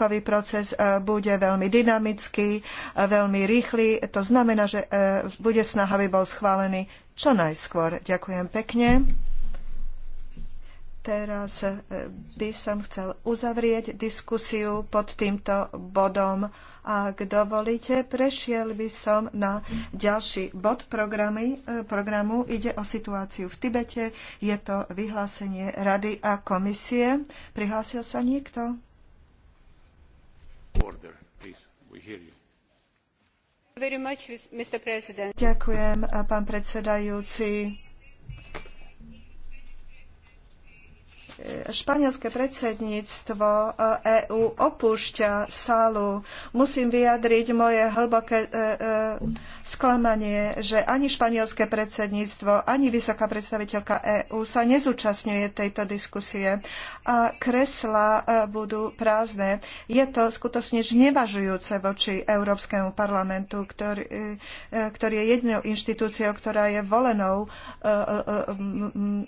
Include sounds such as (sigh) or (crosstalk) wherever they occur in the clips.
Celkový proces e, bude veľmi dynamický, e, veľmi rýchly. To znamená, že e, bude snaha, aby bol schválený čo najskôr. Ďakujem pekne. Teraz by som chcel uzavrieť diskusiu pod týmto bodom. Ak dovolíte, prešiel by som na ďalší bod programy, programu. Ide o situáciu v Tibete. Je to vyhlásenie Rady a komisie. Prihlásil sa niekto? Order, please. We hear you. Much, Ďakujem, pán predsedajúci španielské predsedníctvo EÚ eh, e opúšťa sálu, musím vyjadriť moje hlboké eh, eh, sklamanie, že ani španielské predsedníctvo, ani vysoká predstaviteľka EÚ sa nezúčastňuje tejto diskusie a kresla budú prázdne. Je to skutočne nevažujúce voči Európskemu parlamentu, ktorý, ktorý je jedinou inštitúciou, ktorá je volenou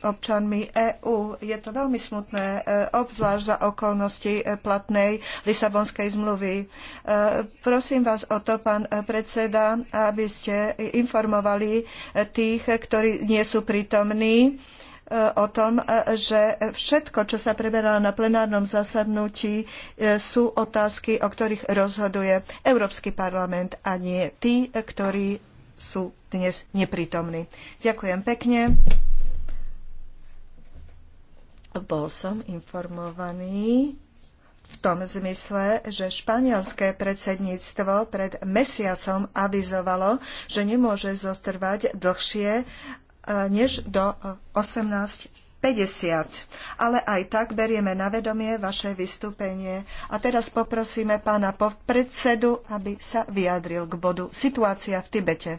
občanmi EÚ. Je to veľmi veľmi smutné, e, obzvlášť za okolnosti e, platnej Lisabonskej zmluvy. E, prosím vás o to, pán predseda, aby ste informovali tých, ktorí nie sú prítomní, o tom, že všetko, čo sa preberalo na plenárnom zasadnutí, sú otázky, o ktorých rozhoduje Európsky parlament a nie tí, ktorí sú dnes neprítomní. Ďakujem pekne. Bol som informovaný v tom zmysle, že španielské predsedníctvo pred mesiacom avizovalo, že nemôže zostrvať dlhšie e, než do 18.50. Ale aj tak berieme na vedomie vaše vystúpenie. A teraz poprosíme pána predsedu, aby sa vyjadril k bodu Situácia v Tibete.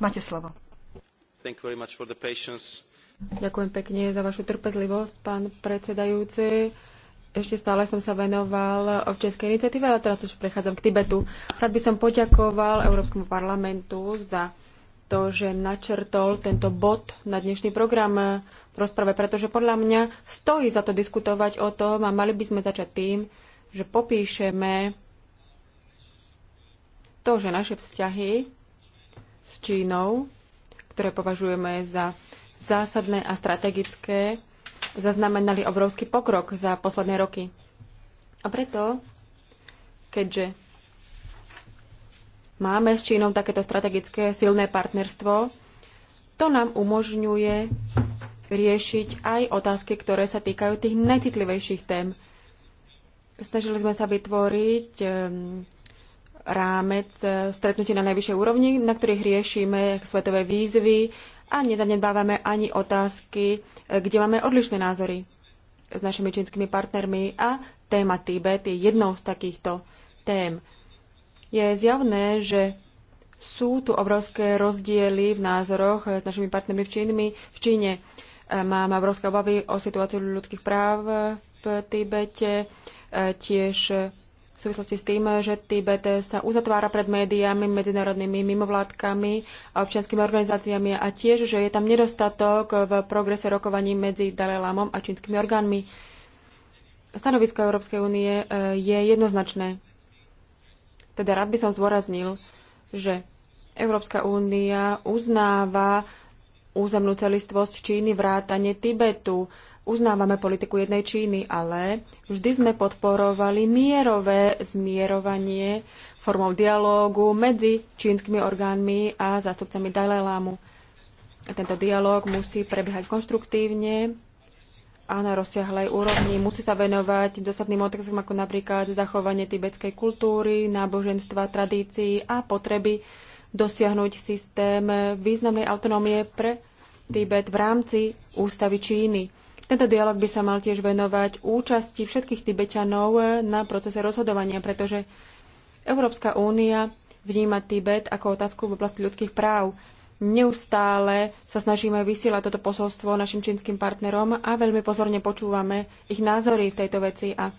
Máte slovo. Thank you very much for the patience. Ďakujem pekne za vašu trpezlivosť, pán predsedajúci. Ešte stále som sa venoval občianskej iniciatíve, ale teraz už prechádzam k Tibetu. Rád by som poďakoval Európskemu parlamentu za to, že načrtol tento bod na dnešný program v rozprave, pretože podľa mňa stojí za to diskutovať o tom a mali by sme začať tým, že popíšeme to, že naše vzťahy s Čínou, ktoré považujeme za zásadné a strategické, zaznamenali obrovský pokrok za posledné roky. A preto, keďže máme s Čínou takéto strategické silné partnerstvo, to nám umožňuje riešiť aj otázky, ktoré sa týkajú tých najcitlivejších tém. Snažili sme sa vytvoriť rámec eh, stretnutí na najvyššej úrovni, na ktorých riešime svetové výzvy, a nezanedbávame ani otázky, e, kde máme odlišné názory s našimi čínskymi partnermi a téma Tibet je jednou z takýchto tém. Je zjavné, že sú tu obrovské rozdiely v názoroch s našimi partnermi v, Čínmi, v Číne. E, máme obrovské obavy o situáciu ľudských práv v Tibete, e, tiež v súvislosti s tým, že Tibet sa uzatvára pred médiami, medzinárodnými mimovládkami a občianskými organizáciami a tiež, že je tam nedostatok v progrese rokovaní medzi Dalajlámom a čínskymi orgánmi. Stanovisko Európskej únie e, je jednoznačné. Teda rád by som zdôraznil, že Európska únia uznáva územnú celistvosť Číny vrátane Tibetu uznávame politiku jednej Číny, ale vždy sme podporovali mierové zmierovanie formou dialógu medzi čínskymi orgánmi a zástupcami Dalajlámu. Tento dialóg musí prebiehať konštruktívne a na rozsiahlej úrovni. Musí sa venovať zásadným otázkom ako napríklad zachovanie tibetskej kultúry, náboženstva, tradícií a potreby dosiahnuť systém významnej autonómie pre Tibet v rámci ústavy Číny. Tento dialog by sa mal tiež venovať účasti všetkých Tibetanov na procese rozhodovania, pretože Európska únia vníma Tibet ako otázku v oblasti ľudských práv. Neustále sa snažíme vysielať toto posolstvo našim čínskym partnerom a veľmi pozorne počúvame ich názory v tejto veci a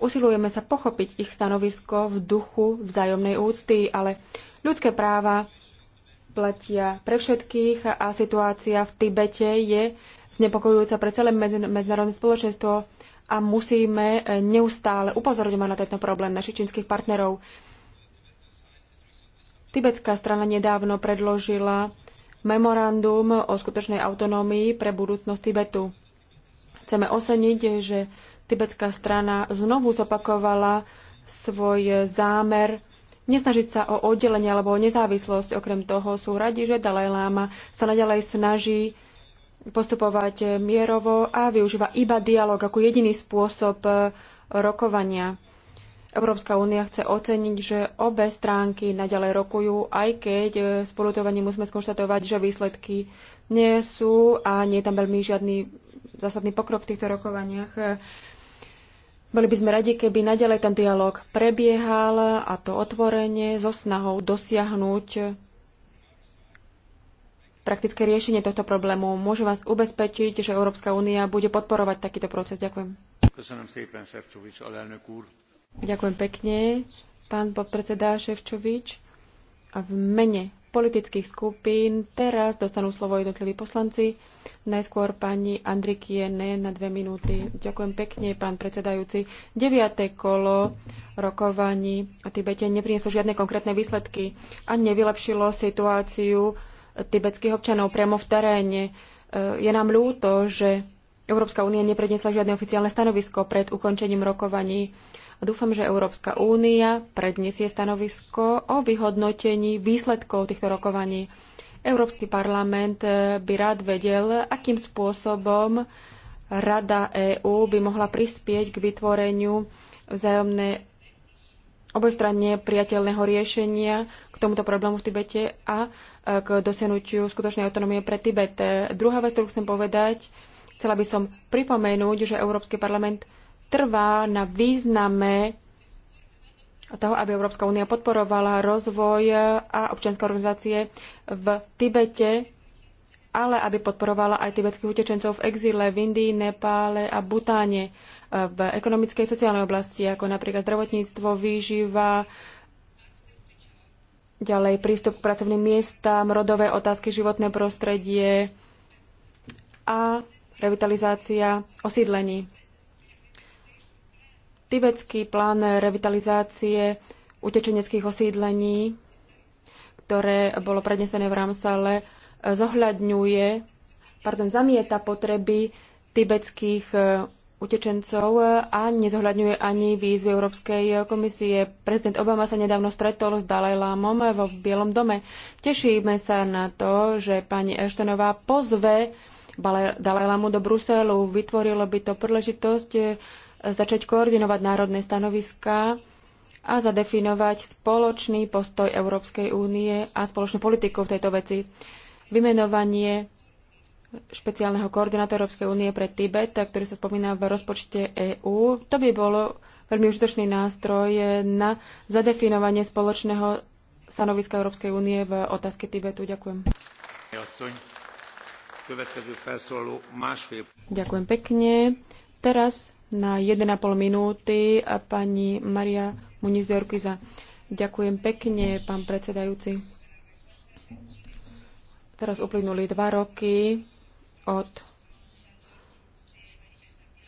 usilujeme sa pochopiť ich stanovisko v duchu vzájomnej úcty, ale ľudské práva platia pre všetkých a situácia v Tibete je znepokojujúca pre celé medzinárodné spoločenstvo a musíme e, neustále upozorňovať na tento problém našich čínskych partnerov. Tibetská strana nedávno predložila memorandum o skutočnej autonómii pre budúcnosť Tibetu. Chceme oceniť, že tibetská strana znovu zopakovala svoj zámer nesnažiť sa o oddelenie alebo o nezávislosť. Okrem toho sú radi, že Dalaj Lama sa naďalej snaží postupovať mierovo a využíva iba dialog ako jediný spôsob eh, rokovania. Európska únia chce oceniť, že obe stránky naďalej rokujú, aj keď eh, spolutovaním musíme skonštatovať, že výsledky nie sú a nie je tam veľmi žiadny zásadný pokrok v týchto rokovaniach. Boli by sme radi, keby naďalej ten dialog prebiehal a to otvorenie so snahou dosiahnuť praktické riešenie tohto problému. Môžem vás ubezpečiť, že Európska únia bude podporovať takýto proces. Ďakujem. Ďakujem pekne, pán podpredseda Ševčovič. A v mene politických skupín teraz dostanú slovo jednotliví poslanci. Najskôr pani Andrikiene na dve minúty. Ďakujem pekne, pán predsedajúci. Deviate kolo rokovaní o Tibete neprinieslo žiadne konkrétne výsledky a nevylepšilo situáciu tibetských občanov priamo v teréne. E, je nám ľúto, že Európska únia nepredniesla žiadne oficiálne stanovisko pred ukončením rokovaní. Dúfam, že Európska únia predniesie stanovisko o vyhodnotení výsledkov týchto rokovaní. Európsky parlament e, by rád vedel, akým spôsobom Rada EÚ by mohla prispieť k vytvoreniu vzájomnej obojstranne priateľného riešenia k tomuto problému v Tibete a e, k dosiahnutiu skutočnej autonómie pre Tibet. Druhá vec, ktorú chcem povedať, chcela by som pripomenúť, že Európsky parlament trvá na význame toho, aby Európska únia podporovala rozvoj a občianske organizácie v Tibete ale aby podporovala aj tibetských utečencov v exíle v Indii, Nepále a Butáne e, v ekonomickej a sociálnej oblasti, ako napríklad zdravotníctvo, výživa, ďalej prístup k pracovným miestam, rodové otázky, životné prostredie a revitalizácia osídlení. Tibetský plán revitalizácie utečeneckých osídlení, ktoré bolo prednesené v Ramsale, zohľadňuje, pardon, zamieta potreby tibetských e, utečencov a nezohľadňuje ani výzvy Európskej komisie. Prezident Obama sa nedávno stretol s Dalajlámom vo Bielom dome. Tešíme sa na to, že pani Eštenová pozve Dalajlámu do Bruselu. Vytvorilo by to príležitosť e, začať koordinovať národné stanoviská a zadefinovať spoločný postoj Európskej únie a spoločnú politiku v tejto veci vymenovanie špeciálneho koordinátora Európskej únie pre Tibet, ktorý sa spomína v rozpočte EÚ. To by bolo veľmi užitočný nástroj na zadefinovanie spoločného stanoviska Európskej únie v otázke Tibetu. Ďakujem. Ďakujem pekne. Teraz na 1,5 minúty a pani Maria Muniz jorkiza Ďakujem pekne, pán predsedajúci. Teraz uplynuli dva roky od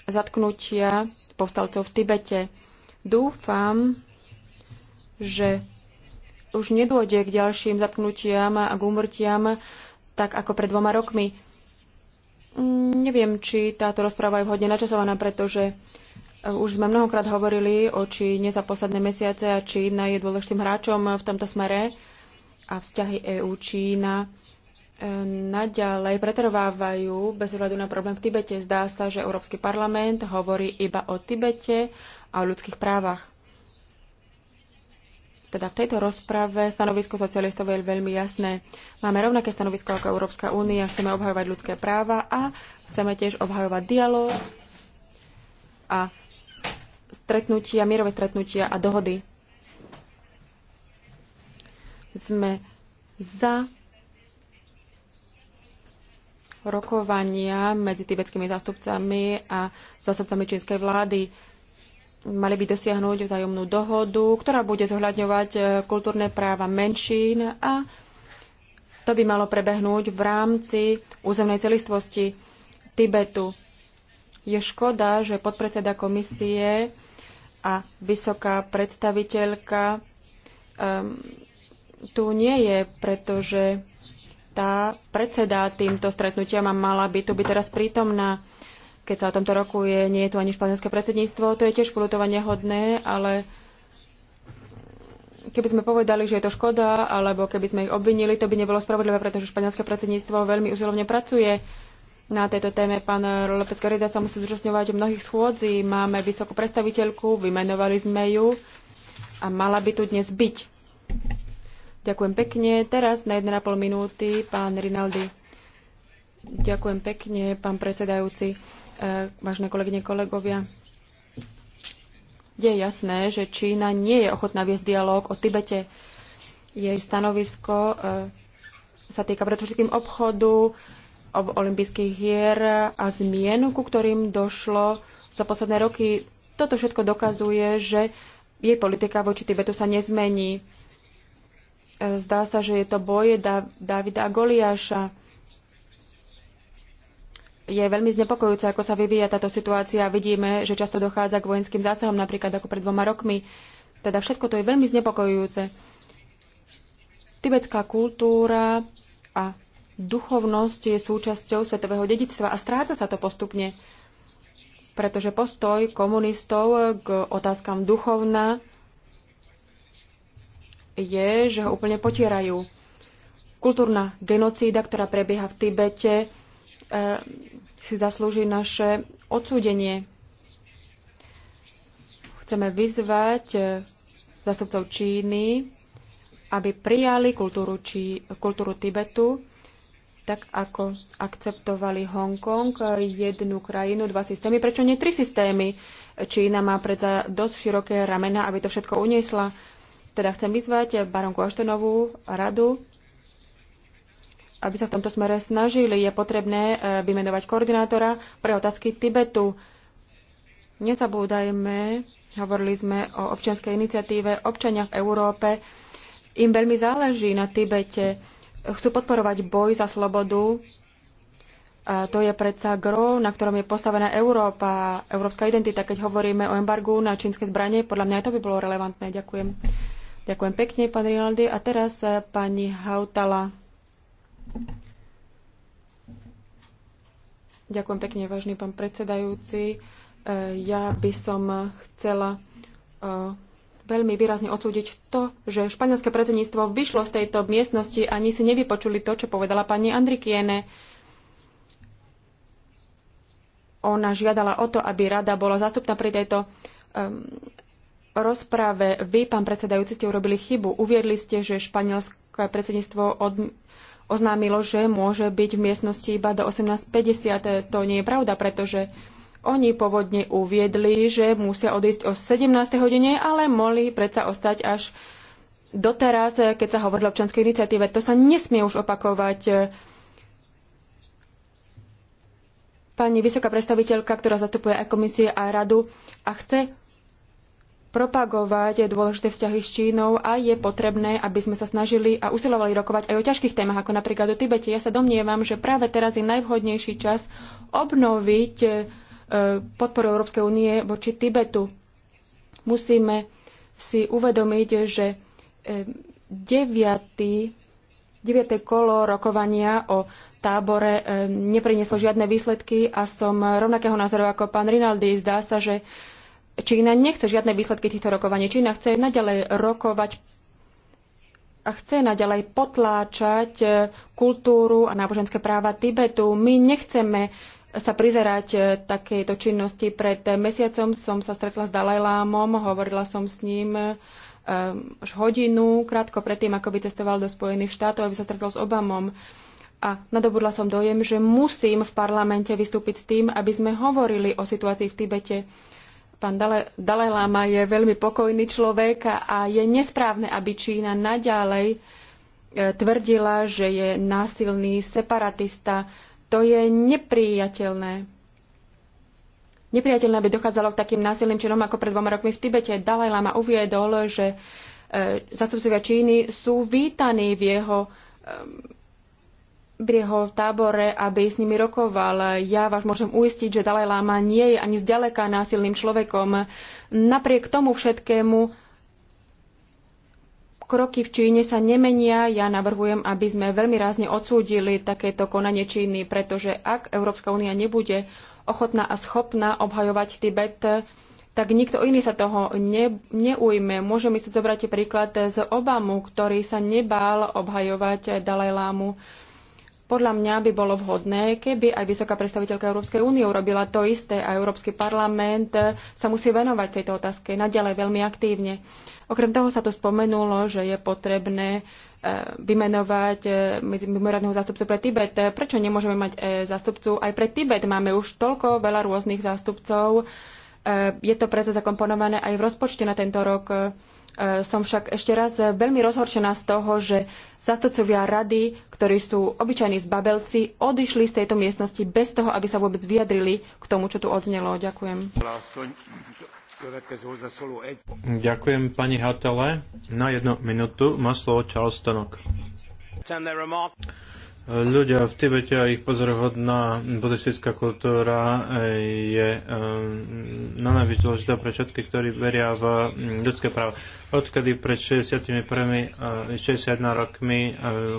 zatknutia povstalcov v Tibete. Dúfam, že už nedôjde k ďalším zatknutiam a k úmrtiam, tak ako pred dvoma rokmi. Neviem, či táto rozpráva je vhodne načasovaná, pretože e, už sme mnohokrát hovorili o Číne za posledné mesiace a Čína je dôležitým hráčom v tomto smere a vzťahy EU-Čína naďalej pretrvávajú bez ohľadu na problém v Tibete. Zdá sa, že Európsky parlament hovorí iba o Tibete a o ľudských právach. Teda v tejto rozprave stanovisko socialistov je veľmi jasné. Máme rovnaké stanovisko ako Európska únia, chceme obhajovať ľudské práva a chceme tiež obhajovať dialog a stretnutia, mierové stretnutia a dohody. Sme za rokovania medzi tibetskými zástupcami a zástupcami čínskej vlády mali by dosiahnuť vzájomnú dohodu, ktorá bude zohľadňovať e, kultúrne práva menšín a to by malo prebehnúť v rámci územnej celistvosti Tibetu. Je škoda, že podpredseda komisie a vysoká predstaviteľka um, tu nie je, pretože tá predseda týmto stretnutiam a mala by tu byť teraz prítomná. Keď sa o tomto roku je, nie je tu ani španielské predsedníctvo, to je tiež polutovanie hodné, ale keby sme povedali, že je to škoda, alebo keby sme ich obvinili, to by nebolo spravodlivé, pretože španielské predsedníctvo veľmi usilovne pracuje na tejto téme. Pán López Garida sa musí zúčastňovať mnohých schôdzí. Máme vysokú predstaviteľku, vymenovali sme ju a mala by tu dnes byť. Ďakujem pekne. Teraz na 1,5 minúty pán Rinaldi. Ďakujem pekne, pán predsedajúci, eh, vážne kolegyne, kolegovia. Je jasné, že Čína nie je ochotná viesť dialog o Tibete. Jej stanovisko eh, sa týka predovšetkým obchodu, olympijských hier a zmien, ku ktorým došlo za posledné roky. Toto všetko dokazuje, že jej politika voči Tibetu sa nezmení. Zdá sa, že je to boje Davida Goliáša. Je veľmi znepokojúce, ako sa vyvíja táto situácia. Vidíme, že často dochádza k vojenským zásahom, napríklad ako pred dvoma rokmi. Teda všetko to je veľmi znepokojujúce. Tibetská kultúra a duchovnosť je súčasťou svetového dedictva a stráca sa to postupne, pretože postoj komunistov k otázkam duchovna je, že ho úplne potierajú. Kultúrna genocída, ktorá prebieha v Tibete, e, si zaslúži naše odsúdenie. Chceme vyzvať e, zastupcov Číny, aby prijali kultúru, či, kultúru Tibetu, tak ako akceptovali Hongkong, e, jednu krajinu, dva systémy. Prečo nie tri systémy? Čína má predsa dosť široké ramena, aby to všetko uniesla. Teda chcem vyzvať baronku Aštenovú radu, aby sa v tomto smere snažili. Je potrebné eh, vymenovať koordinátora pre otázky Tibetu. Nezabúdajme, hovorili sme o občianskej iniciatíve občania v Európe. Im veľmi záleží na Tibete. Chcú podporovať boj za slobodu. A to je predsa gro, na ktorom je postavená Európa, európska identita. Keď hovoríme o embargu na čínske zbranie, podľa mňa aj to by bolo relevantné. Ďakujem. Ďakujem pekne, pán Rinaldi. A teraz eh, pani Hautala. Ďakujem pekne, vážny pán predsedajúci. Eh, ja by som chcela eh, veľmi výrazne odsúdiť to, že španielské predsedníctvo vyšlo z tejto miestnosti a ani si nevypočuli to, čo povedala pani Andrikiene. Ona žiadala o to, aby rada bola zastupná pri tejto rozprave vy, pán predsedajúci, ste urobili chybu. Uviedli ste, že španielské predsedníctvo od, oznámilo, že môže byť v miestnosti iba do 18.50. To nie je pravda, pretože oni pôvodne uviedli, že musia odísť o 17. hodine, ale mohli predsa ostať až doteraz, keď sa hovorilo o občanskej iniciatíve. To sa nesmie už opakovať. Pani vysoká predstaviteľka, ktorá zastupuje aj komisie a radu a chce propagovať dôležité vzťahy s Čínou a je potrebné, aby sme sa snažili a usilovali rokovať aj o ťažkých témach, ako napríklad o Tibete. Ja sa domnievam, že práve teraz je najvhodnejší čas obnoviť e, podporu Európskej únie voči Tibetu. Musíme si uvedomiť, že 9. E, 9. kolo rokovania o tábore e, neprinieslo žiadne výsledky a som rovnakého názoru ako pán Rinaldi. Zdá sa, že Čína nechce žiadne výsledky týchto rokovaní. Čína chce naďalej rokovať a chce naďalej potláčať e, kultúru a náboženské práva Tibetu. My nechceme sa prizerať e, takejto činnosti. Pred mesiacom som sa stretla s Dalajlámom, hovorila som s ním e, až hodinu, krátko predtým, ako by cestoval do Spojených štátov, aby sa stretol s Obamom. A nadobudla som dojem, že musím v parlamente vystúpiť s tým, aby sme hovorili o situácii v Tibete Pán Dalaj Lama je veľmi pokojný človek a je nesprávne, aby Čína naďalej e, tvrdila, že je násilný separatista. To je neprijateľné. Nepriateľné, aby dochádzalo k takým násilným činom ako pred dvoma rokmi v Tibete. Dalaj Lama uviedol, že e, zastupcovia Číny sú vítaní v jeho Briehol v tábore, aby s nimi rokoval. Ja vás môžem uistiť, že Dalaj Lama nie je ani zďaleka násilným človekom. Napriek tomu všetkému kroky v Číne sa nemenia. Ja navrhujem, aby sme veľmi rázne odsúdili takéto konanie Číny, pretože ak Európska únia nebude ochotná a schopná obhajovať Tibet, tak nikto iný sa toho ne, neujme. Môžeme si zobrať príklad z Obamu, ktorý sa nebál obhajovať Dalaj Lámu podľa mňa by bolo vhodné, keby aj vysoká predstaviteľka Európskej únie urobila to isté a Európsky parlament sa musí venovať tejto otázke naďalej veľmi aktívne. Okrem toho sa tu spomenulo, že je potrebné e, vymenovať e, mimoriadného zástupcu pre Tibet. Prečo nemôžeme mať e, zástupcu aj pre Tibet? Máme už toľko veľa rôznych zástupcov. Je to predsa zakomponované aj v rozpočte na tento rok E, som však ešte raz veľmi rozhorčená z toho, že zastupcovia rady, ktorí sú obyčajní zbabelci, odišli z tejto miestnosti bez toho, aby sa vôbec vyjadrili k tomu, čo tu odznelo. Ďakujem. Ďakujem pani Hatele. Na jednu minútu má slovo Charles Stanok ľudia v Tibete a ich pozorhodná buddhistická kultúra eh, je eh, na najvyššie dôležitá pre všetky, ktorí veria v mm, ľudské práva. Odkedy pred 61, 61 eh, rokmi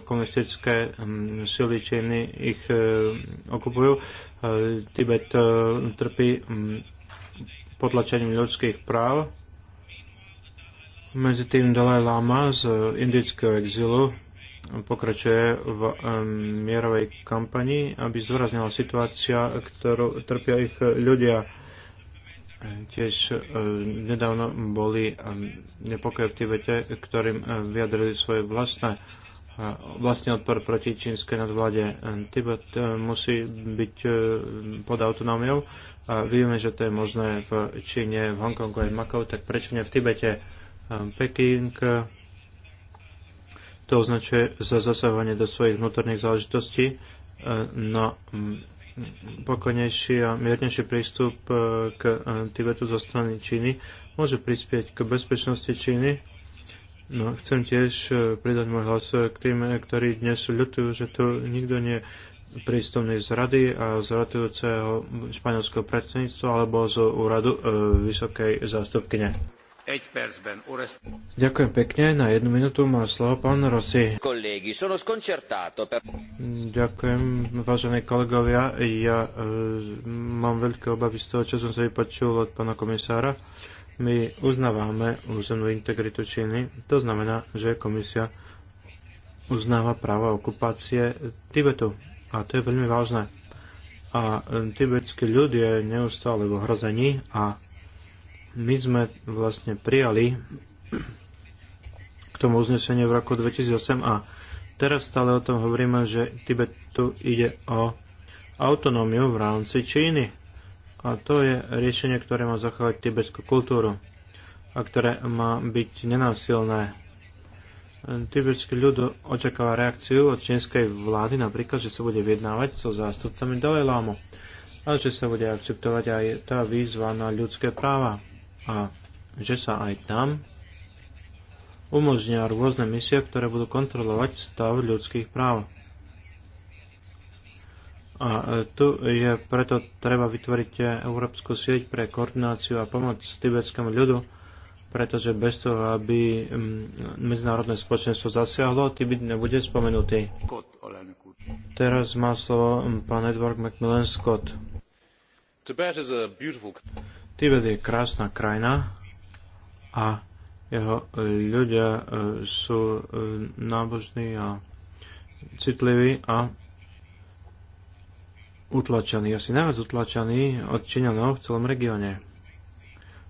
komunistické mm, sily Číny ich okupujú, Tibet trpí mm, potlačením ľudských práv. Medzi tým Dalaj Lama z indického exilu pokračuje v mierovej kampani, aby zdôraznila situácia, ktorú trpia ich ľudia. Tiež e, nedávno boli nepokoje v Tibete, ktorým e, vyjadrili svoje vlastné e, vlastný odpor proti čínskej nadvláde. Tibet musí byť pod autonómiou a vieme, že to je možné v Číne, v Hongkongu aj v Makau, tak prečo nie v Tibete? Peking to označuje za zasahovanie do svojich vnútorných záležitostí, e, no pokojnejší a miernejší prístup e, k e, Tibetu zo strany Číny môže prispieť k bezpečnosti Číny. No, chcem tiež pridať môj hlas k tým, ktorí dnes ľutujú, že tu nikto nie je z rady a z ratujúceho španielského predsedníctva alebo z úradu e, vysokej zástupkyne. Ďakujem pekne. Na jednu minútu má slovo pán Rossi. Ďakujem, vážení kolegovia. Ja e, mám veľké obavy z toho, čo som sa vypočul od pána komisára. My uznávame územnú integritu Číny. To znamená, že komisia uznáva práva okupácie Tibetu. A to je veľmi vážne. A e, tibetský ľud je neustále v ohrození a my sme vlastne prijali k tomu uzneseniu v roku 2008 a teraz stále o tom hovoríme, že Tibetu ide o autonómiu v rámci Číny. A to je riešenie, ktoré má zachovať tibetskú kultúru a ktoré má byť nenásilné. Tibetský ľud očakáva reakciu od čínskej vlády, napríklad, že sa bude vyjednávať so zástupcami Dalaj Lámu a že sa bude akceptovať aj tá výzva na ľudské práva a že sa aj tam umožnia rôzne misie, ktoré budú kontrolovať stav ľudských práv. A e, tu je preto treba vytvoriť e, Európsku sieť pre koordináciu a pomoc tibetskému ľudu, pretože bez toho, aby medzinárodné spoločenstvo zasiahlo, Tibet nebude spomenutý. Teraz má slovo pán Edward Macmillan Scott. Tibet je krásna krajina a jeho e, ľudia e, sú e, nábožní a citliví a utlačení, asi najviac utlačení od Číňanov v celom regióne.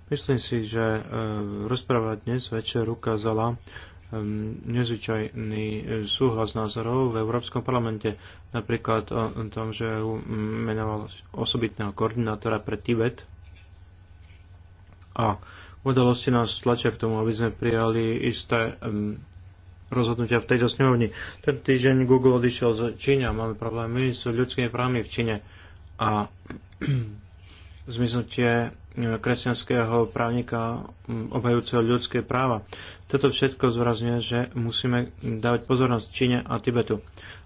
Myslím si, že rozpráva dnes večer ukázala nezvyčajný súhlas názorov v Európskom parlamente. Napríklad o tom, že menoval osobitného koordinátora pre Tibet a udalosti nás tlačia k tomu, aby sme prijali isté um, rozhodnutia v tejto snemovni. Ten týždeň Google odišiel z Číňa a máme problémy s ľudskými právami v Číne a (clears throat) zmiznutie kresťanského právnika obhajúceho ľudské práva. Toto všetko zvrazňuje, že musíme dávať pozornosť Číne a Tibetu.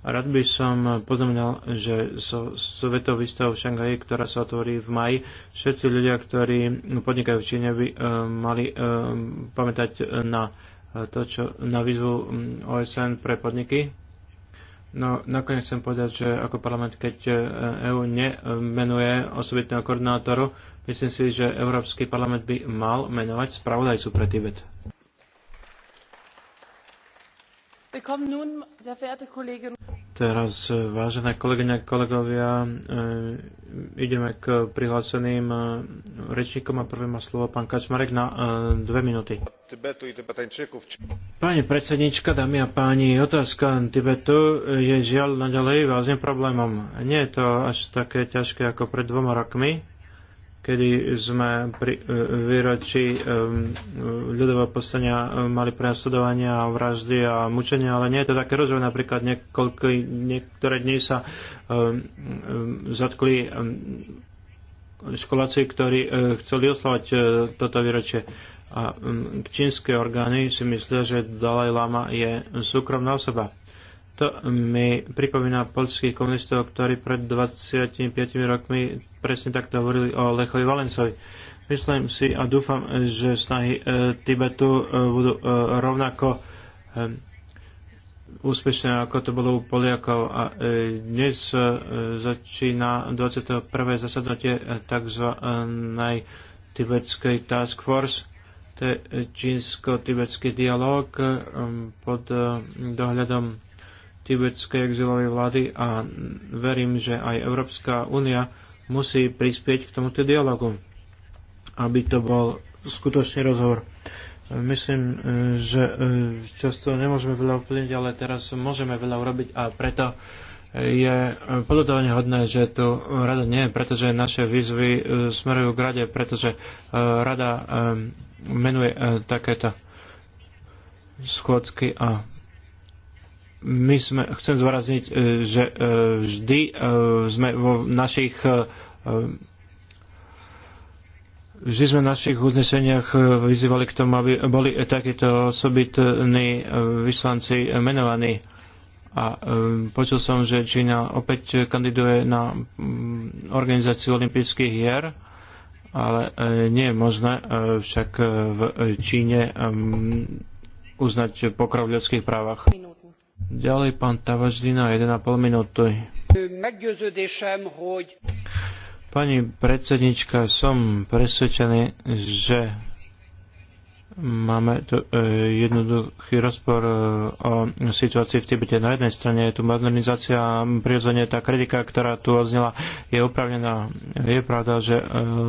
A rád by som poznamenal, že so svetovou výstavou v Šanghaji, ktorá sa otvorí v maji, všetci ľudia, ktorí podnikajú v Číne, by e, mali e, pamätať na e, to, čo na výzvu OSN pre podniky, No, nakoniec chcem povedať, že ako parlament, keď EÚ nemenuje osobitného koordinátoru Myslím si, že Európsky parlament by mal menovať spravodajcu pre Tibet. Teraz, e, vážené kolegyne a kolegovia, e, ideme k prihláseným e, rečníkom a prvé má slovo pán Kačmarek na dve minúty. Pani predsednička, dámy a páni, otázka Tibetu je žiaľ naďalej vážnym problémom. Nie je to až také ťažké ako pred dvoma rokmi, kedy sme pri e, výročí e, ľudového postania e, mali prenasledovania, vraždy a mučenia, ale nie je to také rozvoj. Napríklad niekoľko, niektoré dni sa zatkli školáci, ktorí chceli oslavať toto výročie. A čínske orgány si myslia, že Dalaj Lama je súkromná osoba to mi pripomína polských komunistov, ktorí pred 25 rokmi presne takto hovorili o Lechovi Valencovi. Myslím si a dúfam, že snahy e, Tibetu e, budú e, rovnako úspešné, ako to bolo u Poliakov. A dnes začína 21. zasadnutie tzv. tibetskej task force, to je čínsko-tibetský dialog pod dohľadom tibetskej exilovej vlády a verím, že aj Európska únia musí prispieť k tomuto dialogu, aby to bol skutočný rozhovor. Myslím, že e, často nemôžeme veľa vplyvniť, ale teraz môžeme veľa urobiť a preto je poľutovanie hodné, že tu rada nie, je, pretože naše výzvy e, smerujú k rade, pretože e, rada menuje takéto schôdzky a my sme, chcem zvorazniť, e, že e, vždy e, sme vo našich vždy sme v našich uzneseniach vyzývali k tomu, aby boli takíto osobitní vyslanci menovaní. A počul som, že Čína opäť kandiduje na mm, organizáciu olympijských hier, ale nie je možné však v Číne uznať pokrov v ľudských právach. Ďalej pán Tavaždina, 1,5 minúty. Pani predsednička, som presvedčený, že máme tu e, jednoduchý rozpor e, o situácii v Tibete. Na jednej strane je tu modernizácia a prirodzene tá kritika, ktorá tu oznela, je upravnená. Je pravda, že e,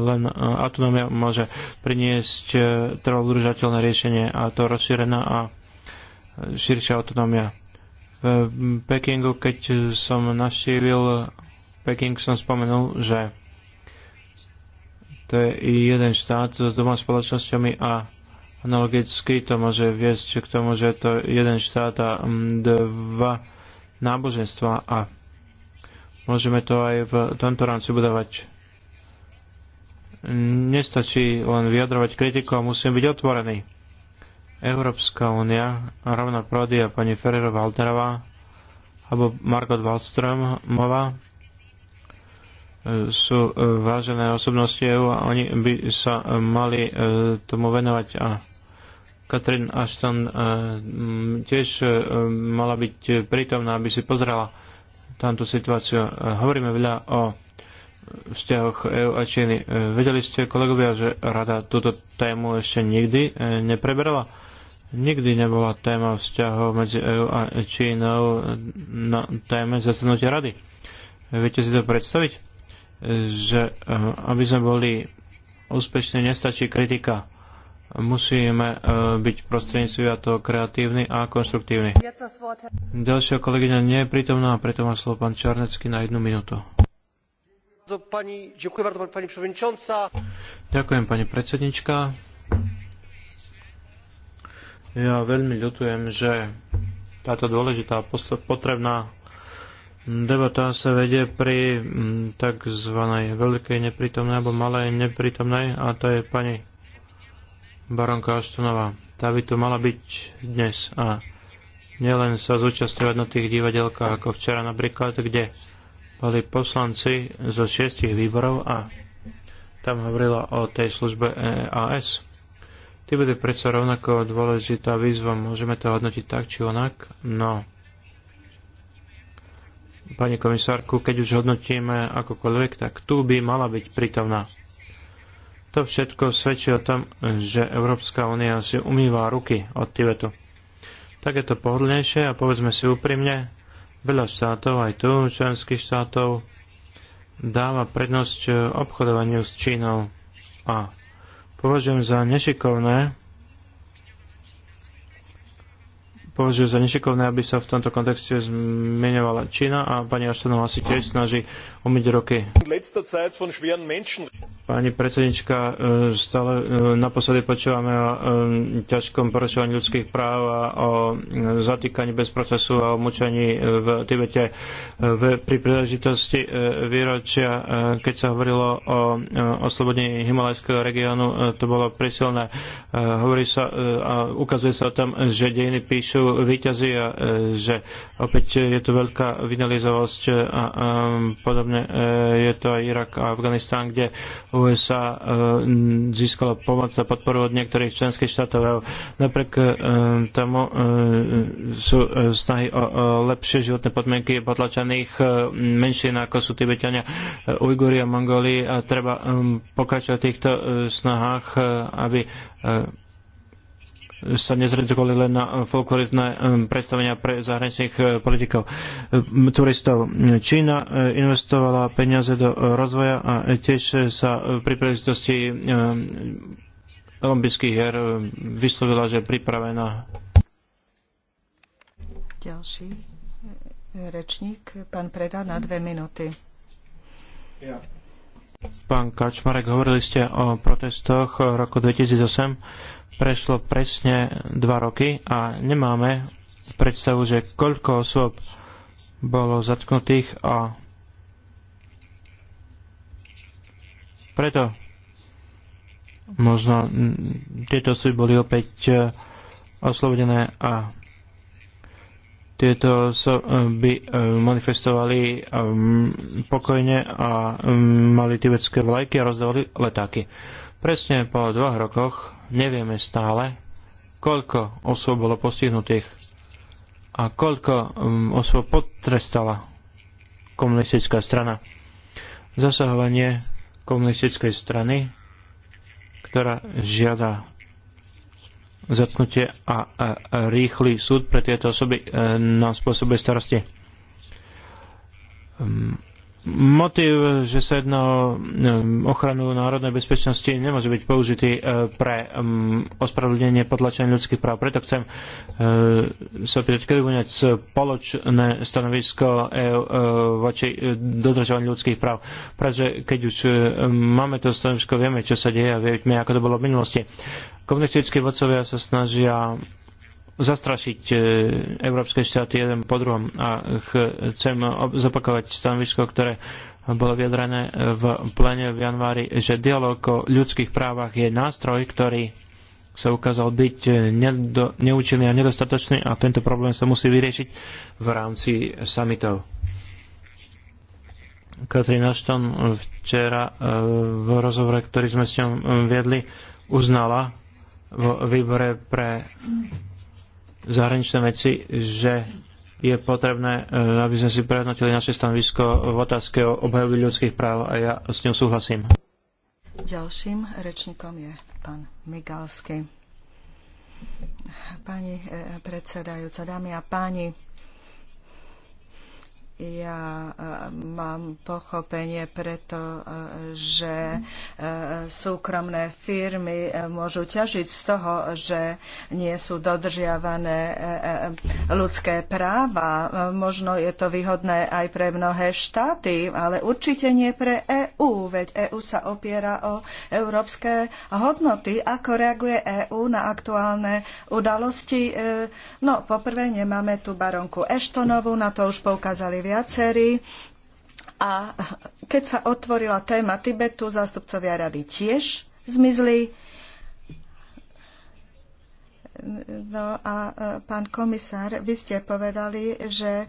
len autonómia môže priniesť trvalodržateľné riešenie a to rozšírená a širšia autonómia v Pekingu, keď som naštívil Peking, som spomenul, že to je jeden štát s dvoma spoločnosťami a analogicky to môže viesť k tomu, že to je jeden štát a dva náboženstva a môžeme to aj v tomto rámci budovať. Nestačí len vyjadrovať kritiku a musím byť otvorený. Európska únia, rovno Prody a pani Ferrero Walterová alebo Margot Wallströmová e, sú e, vážené osobnosti EU a oni by sa e, mali tomu venovať a Katrin Ashton tiež mala byť prítomná, aby si pozrela tamto situáciu. Hovoríme veľa o vzťahoch EU a Číny. Vedeli ste, kolegovia, že rada túto tému ešte nikdy nepreberala? nikdy nebola téma vzťahov medzi EU a Čínou na téme zasadnutia rady. Viete si to predstaviť? Že e, aby sme boli úspešní, nestačí kritika. Musíme e, byť prostredníctvom to kreatívny a konštruktívny. Ďalšia kolegyňa nie je prítomná, preto má slovo pán Čarnecký na jednu minútu. Ďakujem, pani predsednička. Ja veľmi ľutujem, že táto dôležitá potrebná debata sa vedie pri mm, tzv. veľkej neprítomnej alebo malej neprítomnej a to je pani baronka Aštonová. Tá by tu mala byť dnes a nielen sa zúčastňovať na tých divadelkách ako včera napríklad, kde boli poslanci zo šiestich výborov a tam hovorila o tej službe EAS. Ty bude predsa rovnako dôležitá výzva, môžeme to hodnotiť tak či onak, no pani komisárku, keď už hodnotíme akokoľvek, tak tu by mala byť prítomná. To všetko svedčí o tom, že Európska únia si umýva ruky od Tibetu. Tak je to pohodlnejšie a povedzme si úprimne, veľa štátov, aj tu členských štátov, dáva prednosť obchodovaniu s Čínou a považujem za nešikovné, považujú za nešikovné, aby sa v tomto kontexte zmenovala Čína a pani Aštenová asi tiež snaží umyť roky. Pani predsednička, e, stále e, naposledy počúvame o e, ťažkom porušovaní ľudských práv a o zatýkaní bez procesu a o mučení v Tibete. Pri príležitosti výročia, keď sa hovorilo o oslobodení Himalajského regiónu, to bolo prisilné. Hovorí sa a ukazuje sa o tom, že dejiny píšu vyťazí a e, že opäť je tu veľká vynalizovosť a, a podobne e, je to aj Irak a Afganistán, kde USA e, získalo pomoc a podporu od niektorých členských štátov. Napriek tomu sú snahy o lepšie životné podmienky potlačených menšín, ako sú Tibetania, Ujguri a Mongolii a treba pokračovať v týchto snahách, aby sa nezredukovali len na folklorizné eh, predstavenia pre zahraničných eh, politikov, eh, turistov. Čína investovala peniaze do rozvoja a tiež sa pri príležitosti olympijských hier vyslovila, že je pripravená. Ďalší rečník, pán Preda, na dve minúty. Ja. Pán Kačmarek, hovorili ste o protestoch roku 2008 prešlo presne dva roky a nemáme predstavu, že koľko osôb bolo zatknutých a preto možno tieto osoby boli opäť e, oslobodené a tieto by e, manifestovali e, pokojne a mali tibetské vlajky a rozdávali letáky. Presne po dvoch rokoch nevieme stále, koľko osôb bolo postihnutých a koľko um, osôb potrestala komunistická strana. Zasahovanie komunistickej strany, ktorá žiada zatknutie a, rýchly súd pre tieto osoby e, na spôsobe spôsobuje starosti. Um, motív, že sa jedná o ochranu národnej bezpečnosti, nemôže byť použitý e, pre ospravedlnenie potlačenia ľudských práv. Preto chcem e, sa opýtať, kedy bude spoločné stanovisko e voči dodržovaniu ľudských práv. Pretože keď už máme to stanovisko, vieme, čo sa deje a vieme, ako to bolo v minulosti. Komunistickí vodcovia sa snažia zastrašiť e, európske štáty jeden po druhom. A chcem zopakovať stanovisko, ktoré bolo vyjadrené v plene v januári, že dialog o ľudských právach je nástroj, ktorý sa ukázal byť e, nedo, neúčinný a nedostatočný a tento problém sa musí vyriešiť v rámci summitov. Katrin Ashton včera e, v rozhovore, ktorý sme s ňou viedli, uznala vo výbore pre zahraničné veci, že je potrebné, e, aby sme si prehodnotili naše stanovisko v otázke o obhajoby ľudských práv a ja s ňou súhlasím. Ďalším rečníkom je pán Migalsky. Pani e, predsedajúca, dámy a páni, ja eh, mám pochopenie preto, že eh, súkromné firmy eh, môžu ťažiť z toho, že nie sú dodržiavané ľudské práva. Možno je to výhodné aj pre mnohé štáty, ale určite nie pre EÚ, veď EÚ sa opiera o európske hodnoty. Ako reaguje EÚ na aktuálne udalosti? No, poprvé nemáme tu baronku Eštonovú, na to už poukázali viacerí. A keď sa otvorila téma Tibetu, zástupcovia rady tiež zmizli No a e, pán komisár, vy ste povedali, že e,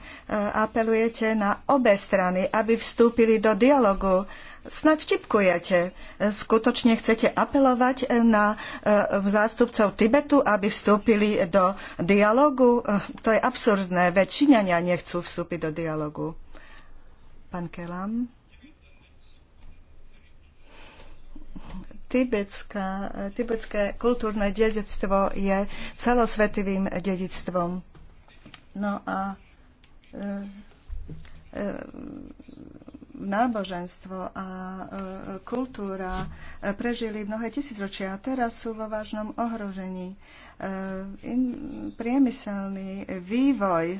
apelujete na obe strany, aby vstúpili do dialogu. Snad vtipkujete. Skutočne chcete apelovať na e, zástupcov Tibetu, aby vstúpili do dialogu? To je absurdné. Väčšinania nechcú vstúpiť do dialogu. Pán Kelam. tibetská, tibetské kultúrne dedictvo je celosvetovým dedictvom. No a e, e, náboženstvo a e, kultúra prežili mnohé tisícročia a teraz sú vo vážnom in, Priemyselný vývoj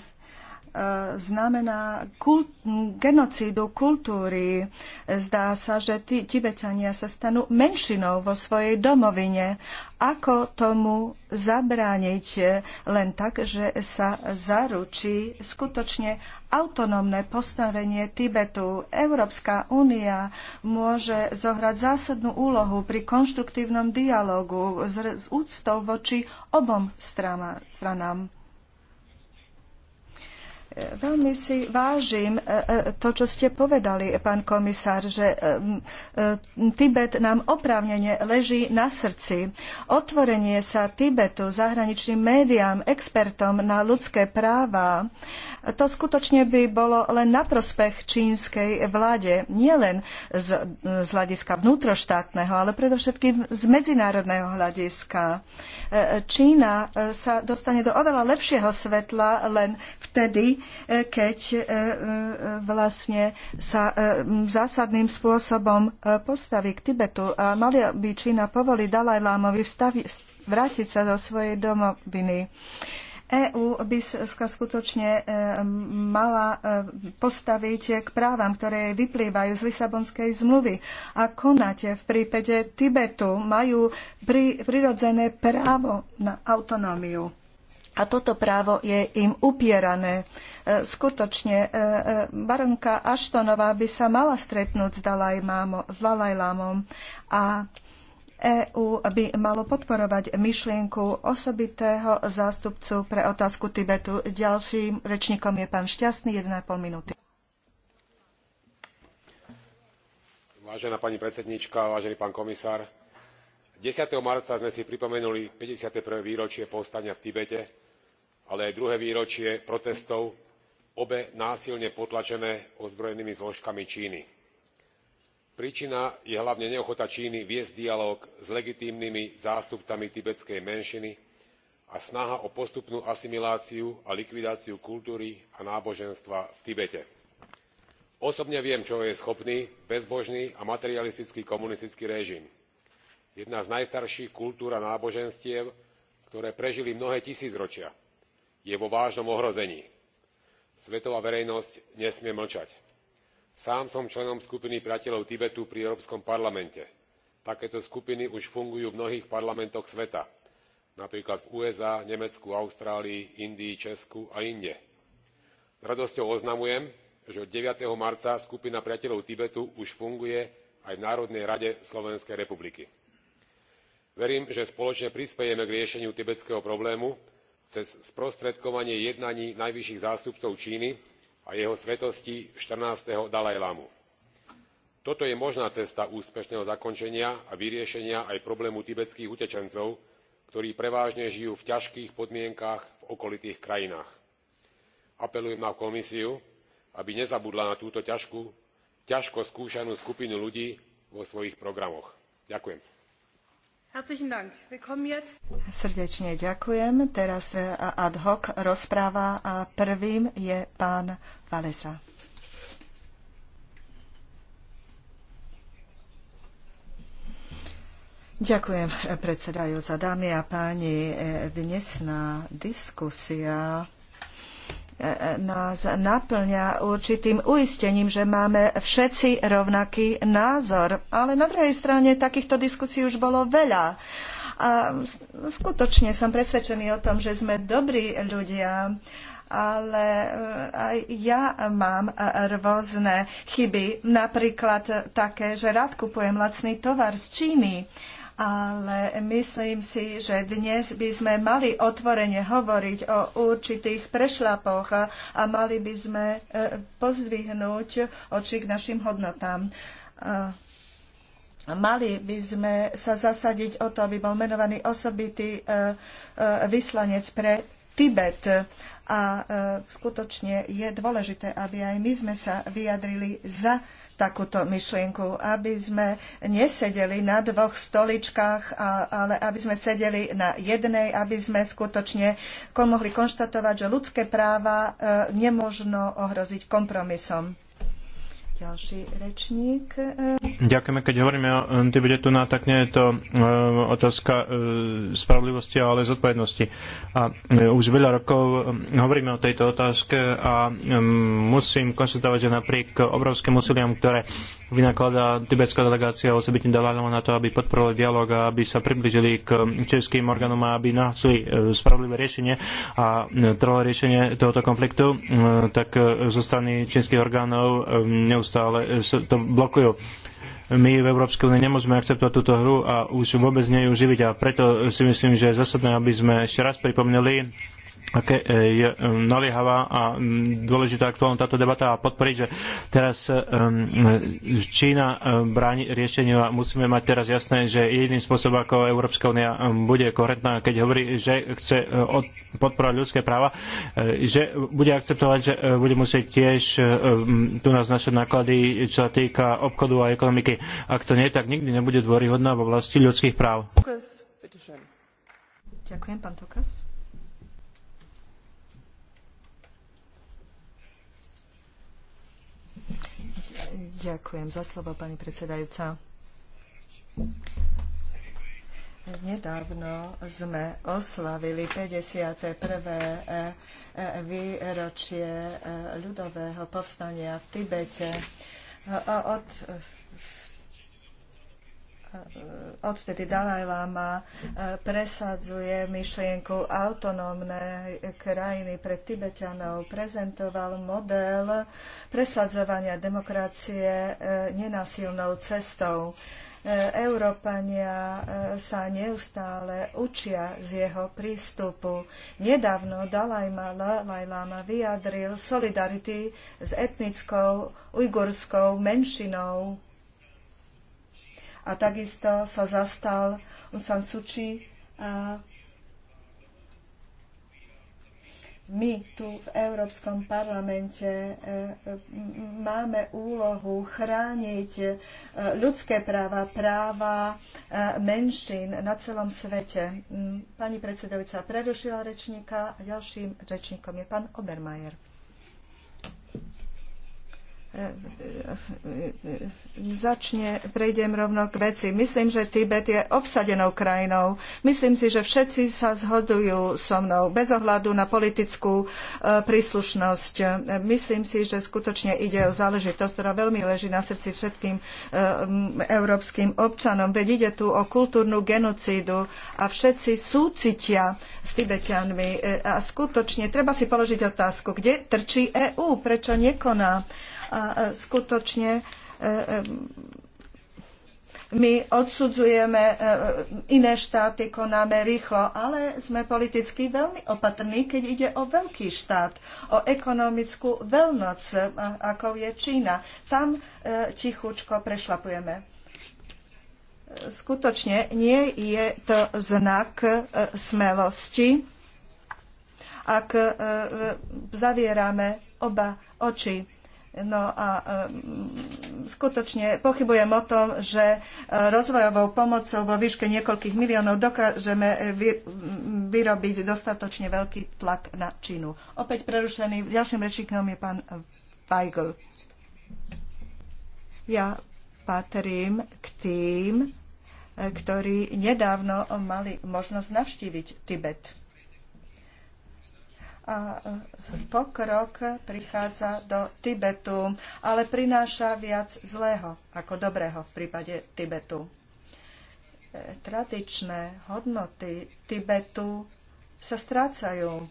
E, znamená kult, genocídu kultúry. Zdá sa, že tí Tibetania sa stanú menšinou vo svojej domovine. Ako tomu zabrániť len tak, že sa zaručí skutočne autonómne postavenie Tibetu? Európska únia môže zohrať zásadnú úlohu pri konštruktívnom dialogu s, úctou voči obom stranám Veľmi si vážim e, e, to, čo ste povedali, pán komisár, že e, Tibet nám oprávnene leží na srdci. Otvorenie sa Tibetu zahraničným médiám, expertom na ľudské práva, to skutočne by bolo len na prospech čínskej vláde, nielen z, z hľadiska vnútroštátneho, ale predovšetkým z medzinárodného hľadiska. Čína sa dostane do oveľa lepšieho svetla len vtedy, E, keď e, e, vlastne sa zásadným spôsobom postaví k Tibetu. A mali by Čína povoliť Dalajlámovi vrátiť sa do svojej domoviny. EÚ by sa skutočne mala postaviť k právam, ktoré vyplývajú z Lisabonskej zmluvy a konať v prípade Tibetu. Majú prirodzené právo na autonómiu a toto právo je im upierané. E, skutočne e, e, baronka Aštonová by sa mala stretnúť s Dalajlámom a EÚ by malo podporovať myšlienku osobitého zástupcu pre otázku Tibetu. Ďalším rečníkom je pán Šťastný, 1,5 minúty. Vážená pani predsedníčka, vážený pán komisár, 10. marca sme si pripomenuli 51. výročie povstania v Tibete, ale aj druhé výročie protestov obe násilne potlačené ozbrojenými zložkami číny. príčina je hlavne neochota číny viesť dialóg s legitímnymi zástupcami tibetskej menšiny a snaha o postupnú asimiláciu a likvidáciu kultúry a náboženstva v tibete. osobne viem čoho je schopný bezbožný a materialistický komunistický režim, jedna z najstarších kultúr a náboženstiev ktoré prežili mnohé tisícročia je vo vážnom ohrození. svetová verejnosť nesmie mlčať. sám som členom skupiny priateľov tibetu pri európskom parlamente. takéto skupiny už fungujú v mnohých parlamentoch sveta napríklad v usa nemecku austrálii indii česku a inde. s radosťou oznamujem že od. nine marca skupina priateľov tibetu už funguje aj v národnej rade slovenskej republiky. verím že spoločne prispejeme k riešeniu tibetského problému cez sprostredkovanie jednaní najvyšších zástupcov číny a jeho svätosti. štrnásteho dalajlámu. toto je možná cesta úspešného zakončenia a vyriešenia aj problému tibetských utečencov ktorí prevažne žijú v ťažkých podmienkach v okolitých krajinách. apelujem na komisiu aby nezabudla na túto ťažko skúšanú skupinu ľudí vo svojich programoch. ďakujem. Srdečne ďakujem. Teraz eh, ad hoc rozpráva a prvým je pán Valesa. Ďakujem, eh, predsedajúca. Dámy a páni, eh, dnesná diskusia nás naplňa určitým uistením, že máme všetci rovnaký názor. Ale na druhej strane takýchto diskusí už bolo veľa. A skutočne som presvedčený o tom, že sme dobrí ľudia ale e, aj ja mám e, rôzne chyby. Napríklad také, že rád kupujem lacný tovar z Číny ale myslím si, že dnes by sme mali otvorene hovoriť o určitých prešlapoch a mali by sme e, pozdvihnúť oči k našim hodnotám. Mali by sme sa zasadiť o to, aby bol menovaný osobitý e, e, vyslanec pre Tibet a e, skutočne je dôležité, aby aj my sme sa vyjadrili za takúto myšlienku, aby sme nesedeli na dvoch stoličkách, ale aby sme sedeli na jednej, aby sme skutočne mohli konštatovať, že ľudské práva e, nemožno ohroziť kompromisom. Ďalší rečník. E, Ďakujeme, keď hovoríme o Tibetetuna, no tak nie je to e, otázka e, spravodlivosti, ale zodpovednosti. A už veľa rokov hovoríme o tejto otázke a musím konštatovať, že napriek obrovským úsiliam, ktoré vynakladá tibetská delegácia osobitne Dalajlama na to, aby podporovali dialog a aby sa priblížili k českým orgánom a aby našli e, spravodlivé riešenie a e, trvalé riešenie tohoto konfliktu, e, tak zo strany čínskych orgánov neustále to blokujú my v Európskej únii nemôžeme akceptovať túto hru a už vôbec nie ju živiť. A preto si myslím, že je zásadné, aby sme ešte raz pripomneli aké e, je e, naliehavá a dôležitá aktuálna táto debata a podporiť, že teraz e, Čína bráni riešeniu a musíme mať teraz jasné, že jediným spôsobom, ako Európska únia bude koherentná, keď hovorí, že chce podporovať ľudské práva, že bude akceptovať, že bude musieť tiež tu nás naše náklady, čo sa týka obchodu a ekonomiky. Ak to nie, tak nikdy nebude dôryhodná v oblasti ľudských práv. Ďakujem, pán Tokas. Ďakujem za slovo, pani predsedajúca. Nedávno sme oslavili 51. E, e, výročie e, ľudového povstania v Tibete. Od E, odvtedy Dalaj Lama e, presadzuje myšlienku autonómnej krajiny pre Tibetanov, prezentoval model presadzovania demokracie e, nenasilnou cestou. Európania sa neustále učia z jeho prístupu. Nedávno Dalaj Lama vyjadril solidarity s etnickou ujgurskou menšinou a takisto sa zastal Unsam Suči a my tu v Európskom parlamente e, máme úlohu chrániť e, ľudské práva, práva e, menšín na celom svete. Pani predsedovica prerušila rečníka a ďalším rečníkom je pán Obermajer začne, prejdem rovno k veci. Myslím, že Tibet je obsadenou krajinou. Myslím si, že všetci sa zhodujú so mnou, bez ohľadu na politickú e, príslušnosť. Myslím si, že skutočne ide o záležitosť, ktorá veľmi leží na srdci všetkým e, európskym občanom. Veď ide tu o kultúrnu genocídu a všetci súcitia s Tibetianmi. E, a skutočne treba si položiť otázku, kde trčí EÚ, prečo nekoná? a e, skutočne e, e, my odsudzujeme iné štáty, konáme rýchlo, ale sme politicky veľmi opatrní, keď ide o veľký štát, o ekonomickú veľnoc, ako je Čína. Tam tichučko prešlapujeme. Skutočne nie je to znak smelosti, ak zavierame oba oči No a mm, skutočne pochybujem o tom, že e, rozvojovou pomocou vo výške niekoľkých miliónov dokážeme e, mm, vyrobiť dostatočne veľký tlak na Čínu. Opäť prerušený, ďalším rečníkom je pán Weigl. Ja patrím k tým, e, ktorí nedávno mali možnosť navštíviť Tibet a e, pokrok prichádza do Tibetu, ale prináša viac zlého ako dobrého v prípade Tibetu. E, tradičné hodnoty Tibetu sa strácajú.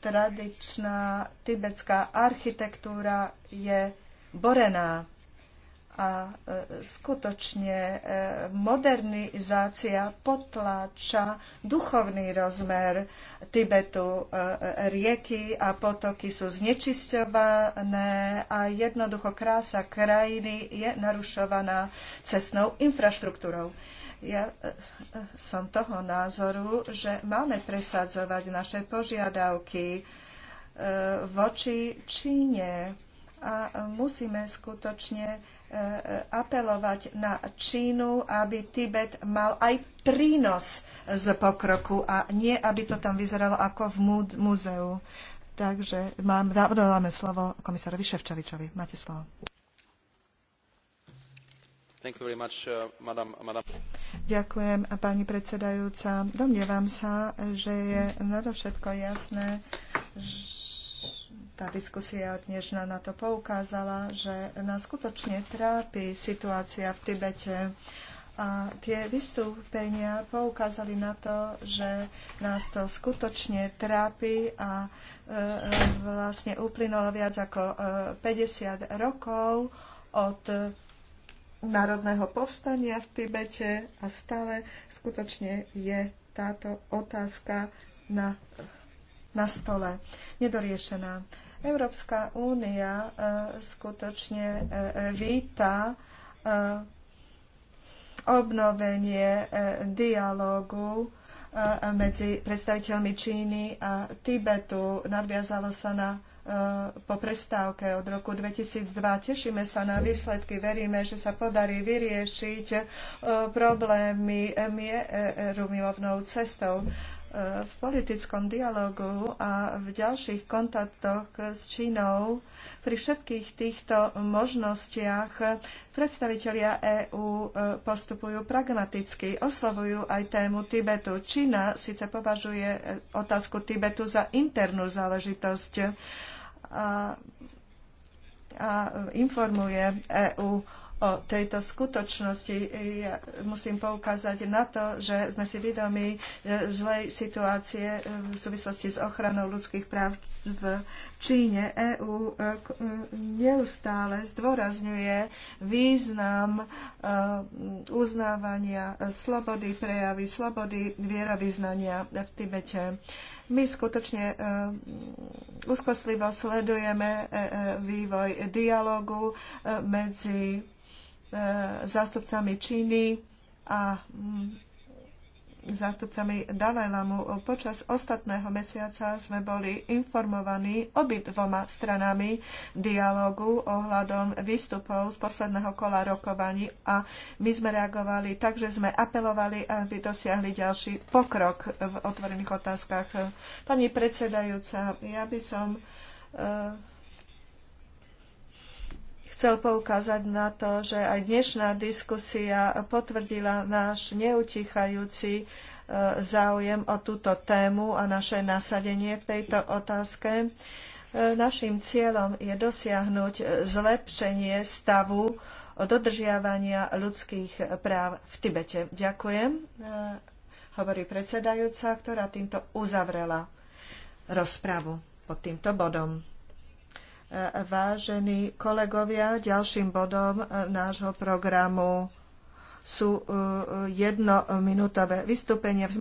Tradičná tibetská architektúra je borená a e, skutočne e, modernizácia potláča duchovný rozmer Tibetu. E, rieky a potoky sú znečisťované a jednoducho krása krajiny je narušovaná cestnou infraštruktúrou. Ja som toho názoru, že máme presadzovať naše požiadavky voči Číne a e, musíme skutočne e, e, apelovať na Čínu, aby Tibet mal aj prínos z pokroku a nie, aby to tam vyzeralo ako v múzeu. Takže mám, slovo komisárovi Ševčovičovi. Máte slovo. Much, uh, madam, madam. Ďakujem, pani predsedajúca. Domnievam sa, že je nadovšetko jasné, že tá diskusia dnešná na to poukázala, že nás skutočne trápi situácia v Tibete. A tie vystúpenia poukázali na to, že nás to skutočne trápi a e, vlastne uplynulo viac ako 50 e, rokov od národného povstania v Tibete a stále skutočne je táto otázka na, na stole nedoriešená. Európska únia e, skutočne e, víta e, obnovenie dialógu medzi predstaviteľmi Číny a Tibetu. Nadviazalo sa na po prestávke od roku 2002. Tešíme sa na výsledky, veríme, že sa podarí vyriešiť problémy mierumilovnou cestou. Eh, v politickom dialogu a v ďalších kontaktoch s Čínou pri všetkých týchto možnostiach predstavitelia EÚ eh, postupujú pragmaticky, oslovujú aj tému Tibetu. Čína síce považuje eh, otázku Tibetu za internú záležitosť a, a informuje EÚ o tejto skutočnosti. Ja musím poukázať na to, že sme si vedomi e, zlej situácie e, v súvislosti s ochranou ľudských práv v Číne. EÚ e, neustále zdôrazňuje význam uznávania slobody prejavy, slobody vierovýznania v Tibete. My skutočne úzkostlivo sledujeme vývoj dialogu medzi zástupcami Číny a mm, zástupcami Dalajlamu. Počas ostatného mesiaca sme boli informovaní dvoma stranami dialogu ohľadom výstupov z posledného kola rokovaní a my sme reagovali tak, že sme apelovali, aby dosiahli ďalší pokrok v otvorených otázkach. Pani predsedajúca, ja by som e, chcel poukázať na to, že aj dnešná diskusia potvrdila náš neutichajúci e, záujem o túto tému a naše nasadenie v tejto otázke. E, Naším cieľom je dosiahnuť zlepšenie stavu dodržiavania ľudských práv v Tibete. Ďakujem, e, hovorí predsedajúca, ktorá týmto uzavrela rozpravu pod týmto bodom. Vážení kolegovia, ďalším bodom e, nášho programu sú e, jednominútové vystúpenie.